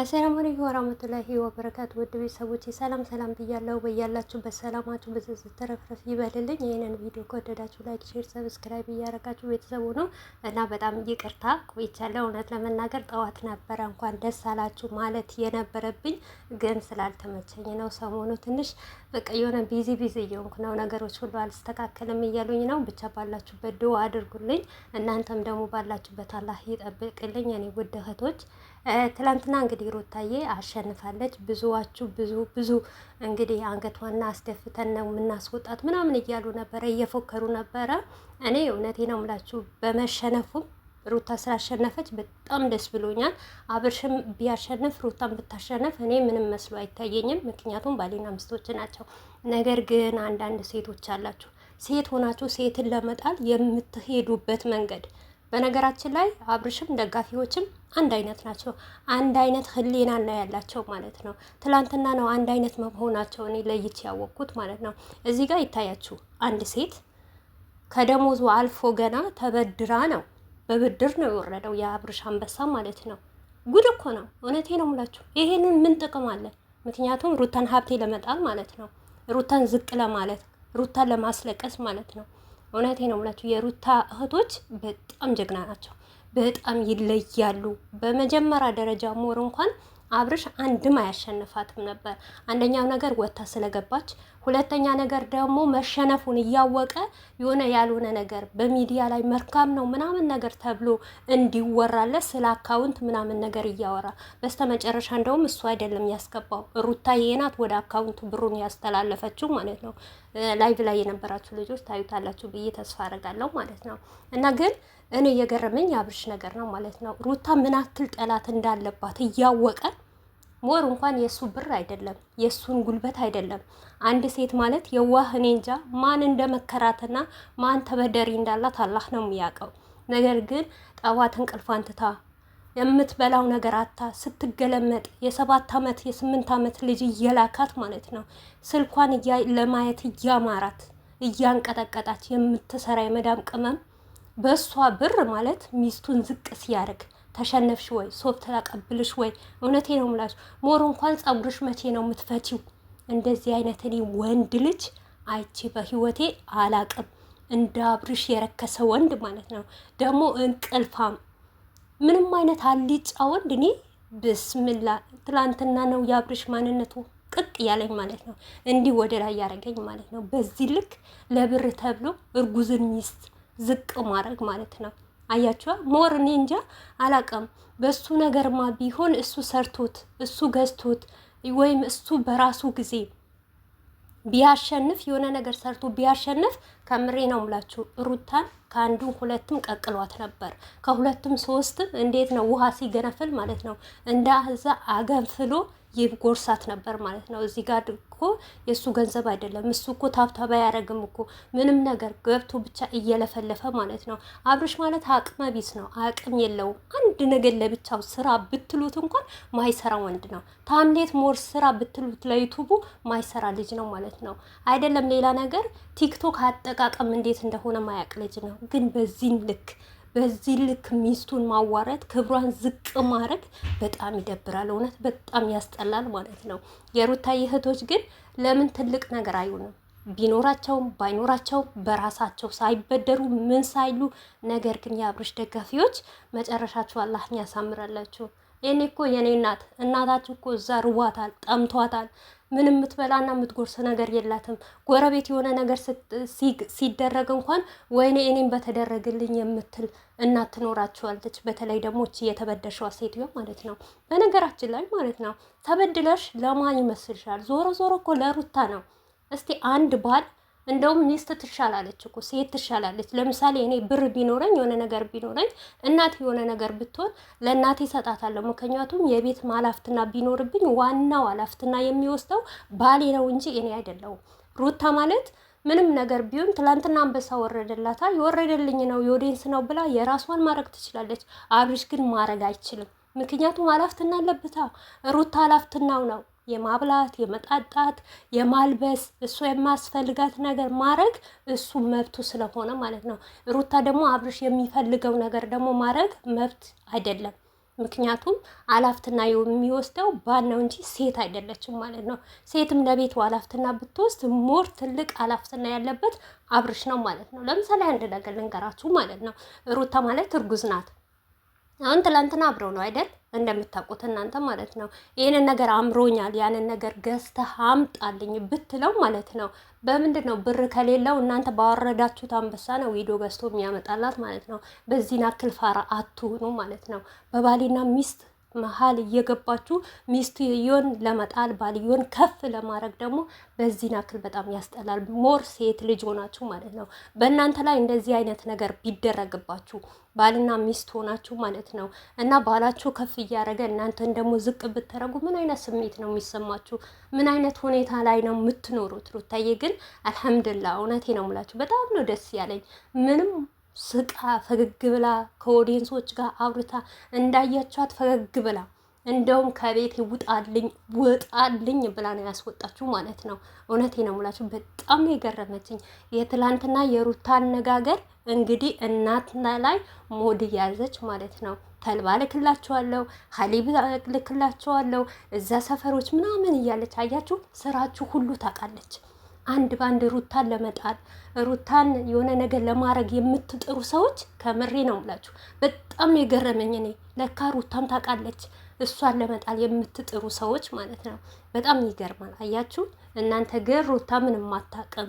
አሰላሙ አለይኩም ወራህመቱላሂ ወበረካቱ ውድ ቤተሰቦቼ ሰላም ሰላም ብያለሁ። በያላችሁበት በሰላማችሁ በዝዝት ተረፍረፍ ይበልልኝ። ይህንን ቪዲዮ ከወደዳችሁ ላይክ፣ ሼር፣ ሰብስክራይብ እያደረጋችሁ ቤተሰቡ ነው እና በጣም ይቅርታ ቆይቻለሁ። እውነት ለመናገር ጠዋት ነበረ እንኳን ደስ አላችሁ ማለት የነበረብኝ ግን ስላልተመቸኝ ነው። ሰሞኑ ትንሽ በቃ የሆነ ቢዚ ቢዚ እየሆንኩ ነው። ነገሮች ሁሉ አልስተካከልም እያሉኝ ነው። ብቻ ባላችሁበት ድዋ አድርጉልኝ። እናንተም ደግሞ ባላችሁበት አላህ ይጠብቅልኝ። እኔ ውድ እህቶች ትላንትና እንግዲህ ሩታዬ አሸንፋለች። ብዙዋችሁ ብዙ ብዙ እንግዲህ አንገቷና አስደፍተን ነው የምናስወጣት ምናምን እያሉ ነበረ፣ እየፎከሩ ነበረ። እኔ እውነቴ ነው ምላችሁ በመሸነፉም ሩታ ስላሸነፈች በጣም ደስ ብሎኛል። አብርሽም ቢያሸንፍ ሩታን ብታሸነፍ እኔ ምንም መስሎ አይታየኝም፣ ምክንያቱም ባሌና ሚስቶች ናቸው። ነገር ግን አንዳንድ ሴቶች አላችሁ፣ ሴት ሆናችሁ ሴትን ለመጣል የምትሄዱበት መንገድ በነገራችን ላይ አብርሽም ደጋፊዎችም አንድ አይነት ናቸው። አንድ አይነት ህሊና ነው ያላቸው ማለት ነው። ትላንትና ነው አንድ አይነት መሆናቸው እኔ ለይቼ ያወቅኩት ማለት ነው። እዚህ ጋር ይታያችሁ አንድ ሴት ከደሞዙ አልፎ ገና ተበድራ ነው በብድር ነው የወረደው የአብርሽ አንበሳ ማለት ነው። ጉድ እኮ ነው። እውነቴ ነው የምላችሁ። ይሄንን ምን ጥቅም አለ? ምክንያቱም ሩታን ሀብቴ ለመጣል ማለት ነው። ሩታን ዝቅ ለማለት ሩታን ለማስለቀስ ማለት ነው። እውነቴ ነው የምላችሁ የሩታ እህቶች በጣም ጀግና ናቸው። በጣም ይለያሉ። በመጀመሪያ ደረጃ ሞር እንኳን አብርሽ አንድም አያሸንፋትም ነበር። አንደኛው ነገር ወታ ስለገባች፣ ሁለተኛ ነገር ደግሞ መሸነፉን እያወቀ የሆነ ያልሆነ ነገር በሚዲያ ላይ መርካም ነው ምናምን ነገር ተብሎ እንዲወራለት ስለ አካውንት ምናምን ነገር እያወራ በስተመጨረሻ እንደውም እሱ አይደለም ያስገባው ሩታ የናት ወደ አካውንቱ ብሩን ያስተላለፈችው ማለት ነው። ላይቭ ላይ የነበራችሁ ልጆች ታዩታላችሁ ብዬ ተስፋ አደርጋለሁ ማለት ነው እና ግን እኔ እየገረመኝ የአብርሽ ነገር ነው ማለት ነው ሩታ ምን አክል ጠላት እንዳለባት እያወቀ ሞር እንኳን የእሱ ብር አይደለም የእሱን ጉልበት አይደለም። አንድ ሴት ማለት የዋህ እኔ እንጃ ማን እንደ መከራትና ማን ተበደሪ እንዳላት አላህ ነው የሚያውቀው። ነገር ግን ጠዋት እንቅልፏን ትታ የምትበላው ነገር አታ ስትገለመጥ የሰባት ዓመት የስምንት ዓመት ልጅ እየላካት ማለት ነው ስልኳን ለማየት እያማራት እያንቀጠቀጣች የምትሰራ የመዳም ቅመም በእሷ ብር ማለት ሚስቱን ዝቅ ሲያደርግ ተሸነፍሽ ወይ ሶፍት ተቀብልሽ ወይ? እውነቴ ነው ምላሽ ሞር እንኳን ጸጉርሽ መቼ ነው የምትፈቺው? እንደዚህ አይነት እኔ ወንድ ልጅ አይቼ በህይወቴ አላቅም። እንደ አብርሽ የረከሰ ወንድ ማለት ነው። ደግሞ እንቅልፋም ምንም አይነት አልጫ ወንድ እኔ ብስምላ። ትላንትና ነው የአብርሽ ማንነቱ ቅጥ ያለኝ ማለት ነው። እንዲህ ወደ ላይ ያደረገኝ ማለት ነው። በዚህ ልክ ለብር ተብሎ እርጉዝን ሚስት ዝቅ ማድረግ ማለት ነው። አያችኋል። ሞር እኔ እንጃ አላቀም በሱ ነገርማ ቢሆን እሱ ሰርቶት እሱ ገዝቶት ወይም እሱ በራሱ ጊዜ ቢያሸንፍ የሆነ ነገር ሰርቶ ቢያሸንፍ ከምሬ ነው ምላችሁ ሩታን ከአንዱም ሁለትም ቀቅሏት ነበር። ከሁለቱም ሶስትም እንዴት ነው ውሃ ሲገነፍል ማለት ነው አዛ አገንፍሎ ይጎርሳት ነበር ማለት ነው። እዚህ ጋር እኮ የእሱ ገንዘብ አይደለም። እሱ እኮ ታብታባ አያረግም እኮ ምንም ነገር ገብቶ ብቻ እየለፈለፈ ማለት ነው። አብርሽ ማለት አቅመ ቢስ ነው፣ አቅም የለውም። አንድ ነገር ለብቻው ስራ ብትሉት እንኳን ማይሰራ ወንድ ነው። ታምሌት ሞር ስራ ብትሉት ለዩቱቡ ማይሰራ ልጅ ነው ማለት ነው። አይደለም ሌላ ነገር ቲክቶክ አጠቃቀም እንዴት እንደሆነ ማያቅ ልጅ ነው። ግን በዚህ ልክ በዚህ ልክ ሚስቱን ማዋረድ፣ ክብሯን ዝቅ ማድረግ በጣም ይደብራል። እውነት በጣም ያስጠላል ማለት ነው። የሩታዬ እህቶች ግን ለምን ትልቅ ነገር አይሆንም? ቢኖራቸውም ባይኖራቸውም በራሳቸው ሳይበደሩ ምን ሳይሉ፣ ነገር ግን የአብርሽ ደጋፊዎች መጨረሻችሁ አላህን ያሳምራላችሁ። እኔ እኮ የኔ እናት እናታችሁ እኮ እዛ ርዋታል፣ ጠምቷታል። ምን የምትበላና የምትጎርስ ነገር የላትም። ጎረቤት የሆነ ነገር ሲደረግ እንኳን ወይኔ እኔም በተደረግልኝ የምትል እናት ትኖራችኋለች። በተለይ ደግሞ እቺ የተበደሸዋ ሴትዮ ማለት ነው። በነገራችን ላይ ማለት ነው ተበድለሽ ለማን ይመስልሻል? ዞሮ ዞሮ እኮ ለሩታ ነው። እስቲ አንድ ባል እንደውም ሚስት ትሻላለች እኮ ሴት ትሻላለች። ለምሳሌ እኔ ብር ቢኖረኝ የሆነ ነገር ቢኖረኝ እናቴ የሆነ ነገር ብትሆን ለእናቴ እሰጣታለሁ። ምክንያቱም የቤት ማላፍትና ቢኖርብኝ ዋናው አላፍትና የሚወስደው ባሌ ነው እንጂ እኔ አይደለሁም። ሩታ ማለት ምንም ነገር ቢሆን ትላንትና አንበሳ ወረደላታ የወረደልኝ ነው የወዴንስ ነው ብላ የራሷን ማድረግ ትችላለች። አብርሽ ግን ማድረግ አይችልም። ምክንያቱም አላፍትና አለብታ ሩታ አላፍትናው ነው የማብላት የመጣጣት የማልበስ እሱ የማስፈልጋት ነገር ማድረግ እሱ መብቱ ስለሆነ ማለት ነው። ሩታ ደግሞ አብርሽ የሚፈልገው ነገር ደግሞ ማድረግ መብት አይደለም። ምክንያቱም አላፍትና የሚወስደው ባል ነው እንጂ ሴት አይደለችም ማለት ነው። ሴትም ለቤቱ አላፍትና ብትወስድ ሞር ትልቅ አላፍትና ያለበት አብርሽ ነው ማለት ነው። ለምሳሌ አንድ ነገር ልንገራችሁ ማለት ነው። ሩታ ማለት እርጉዝ ናት። አሁን ትላንትና አብረው ነው አይደል? እንደምታውቁት እናንተ ማለት ነው። ይህንን ነገር አምሮኛል፣ ያንን ነገር ገዝተህ አምጣልኝ ብትለው ማለት ነው። በምንድን ነው ብር ከሌለው እናንተ ባወረዳችሁት አንበሳ ነው ቪዲዮ ገዝቶ የሚያመጣላት ማለት ነው። በዚህ ናክል ፋራ አትሁኑ ማለት ነው። በባሌና ሚስት መሀል እየገባችሁ ሚስቱ የዮን ለመጣል ባልዮን ከፍ ለማድረግ ደግሞ በዚህን አክል በጣም ያስጠላል። ሞር ሴት ልጅ ሆናችሁ ማለት ነው። በእናንተ ላይ እንደዚህ አይነት ነገር ቢደረግባችሁ ባልና ሚስት ሆናችሁ ማለት ነው እና ባላችሁ ከፍ እያደረገ እናንተን ደግሞ ዝቅ ብትረጉ ምን አይነት ስሜት ነው የሚሰማችሁ? ምን አይነት ሁኔታ ላይ ነው የምትኖሩት? ሩታዬ ግን አልሐምድላ እውነቴ ነው ሙላችሁ በጣም ነው ደስ ያለኝ ምንም ስቃ ፈገግ ብላ ከኦዲየንሶች ጋር አብርታ እንዳያቸዋት ፈገግ ብላ እንደውም ከቤት ውጣልኝ ውጣልኝ ብላ ነው ያስወጣችሁ ማለት ነው። እውነቴ ነው ሙላችሁ፣ በጣም የገረመችኝ የትላንትና የሩታ አነጋገር እንግዲህ እናትና ላይ ሞድ ያዘች ማለት ነው። ተልባ ልክላችኋለሁ፣ ሀሊብ ልክላችኋለሁ፣ እዛ ሰፈሮች ምናምን እያለች አያችሁ፣ ስራችሁ ሁሉ ታውቃለች። አንድ በአንድ ሩታን ለመጣል ሩታን የሆነ ነገር ለማድረግ የምትጥሩ ሰዎች ከምሬ ነው የምላችሁ። በጣም የገረመኝ እኔ ለካ ሩታም ታውቃለች። እሷን ለመጣል የምትጥሩ ሰዎች ማለት ነው። በጣም ይገርማል። አያችሁ እናንተ ግን ሩታ ምንም አታውቅም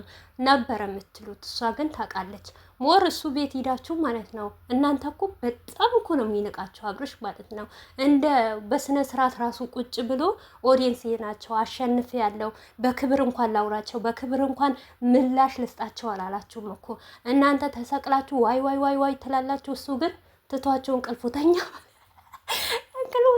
የምትሉት፣ እሷ ግን ታውቃለች። ሞር እሱ ቤት ሂዳችሁ ማለት ነው። እናንተ እኮ በጣም እኮ ነው የሚንቃቸው አብርሽ ማለት ነው። እንደ በስነ ስርዓት ራሱ ቁጭ ብሎ ኦዲየንስ ናቸው አሸንፍ ያለው በክብር እንኳን ላውራቸው በክብር እንኳን ምላሽ ልስጣቸው አላላችሁም እኮ እናንተ ተሰቅላችሁ ዋይ ዋይ ዋይ ዋይ ትላላችሁ። እሱ ግን ትቷቸው እንቅልፉተኛ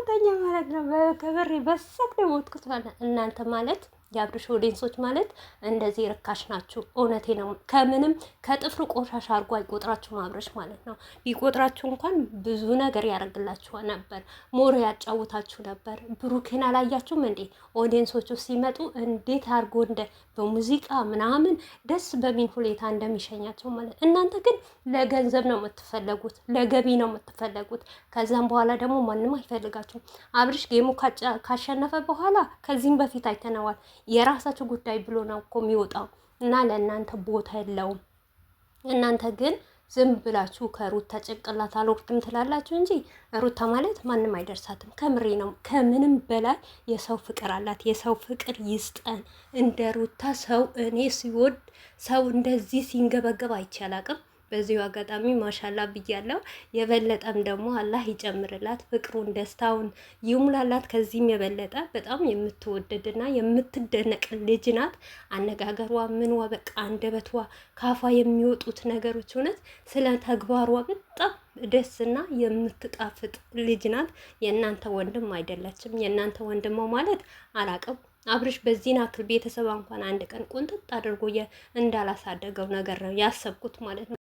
ሁለተኛ ማለት ነው። ከበሬ በሰክ ደግሞ ትክቷል። እናንተ ማለት የአብርሽ ኦዲንሶች ማለት እንደዚህ ርካሽ ናችሁ። እውነቴ ነው። ከምንም ከጥፍር ቆሻሻ አድርጎ አይቆጥራችሁም አብርሽ ማለት ነው። ቢቆጥራችሁ እንኳን ብዙ ነገር ያደርግላችሁ ነበር፣ ሞር ያጫውታችሁ ነበር። ብሩኬን አላያችሁም እንዴ? ኦዲንሶቹ ሲመጡ እንዴት አድርጎ እንደ በሙዚቃ ምናምን ደስ በሚል ሁኔታ እንደሚሸኛቸው ማለት። እናንተ ግን ለገንዘብ ነው የምትፈለጉት፣ ለገቢ ነው የምትፈለጉት። ከዛም በኋላ ደግሞ ማንም አይፈልጋችሁም። አብርሽ ጌሙ ካሸነፈ በኋላ ከዚህም በፊት አይተነዋል። የራሳቸው ጉዳይ ብሎ ነው እኮ የሚወጣው እና ለእናንተ ቦታ የለውም። እናንተ ግን ዝም ብላችሁ ከሩታ ጭንቅላት አልወርድም ትላላችሁ እንጂ ሩታ ማለት ማንም አይደርሳትም። ከምሬ ነው። ከምንም በላይ የሰው ፍቅር አላት። የሰው ፍቅር ይስጠን። እንደ ሩታ ሰው እኔ ሲወድ ሰው እንደዚህ ሲንገበገብ አይቼ በዚሁ አጋጣሚ ማሻላ ብያለው። የበለጠም ደግሞ አላህ ይጨምርላት፣ ፍቅሩን፣ ደስታውን ይሙላላት። ከዚህም የበለጠ በጣም የምትወደድና የምትደነቅ ልጅ ናት። አነጋገሯ፣ ምንዋ፣ በቃ አንደበቷ፣ ካፏ የሚወጡት ነገሮች እውነት ስለ ተግባሯ በጣም ደስና የምትጣፍጥ ልጅ ናት። የእናንተ ወንድም አይደለችም። የእናንተ ወንድሞ ማለት አላቅም አብርሽ በዚህን አክል ቤተሰባ እንኳን አንድ ቀን ቁንጥጥ አድርጎ እንዳላሳደገው ነገር ነው ያሰብኩት ማለት ነው።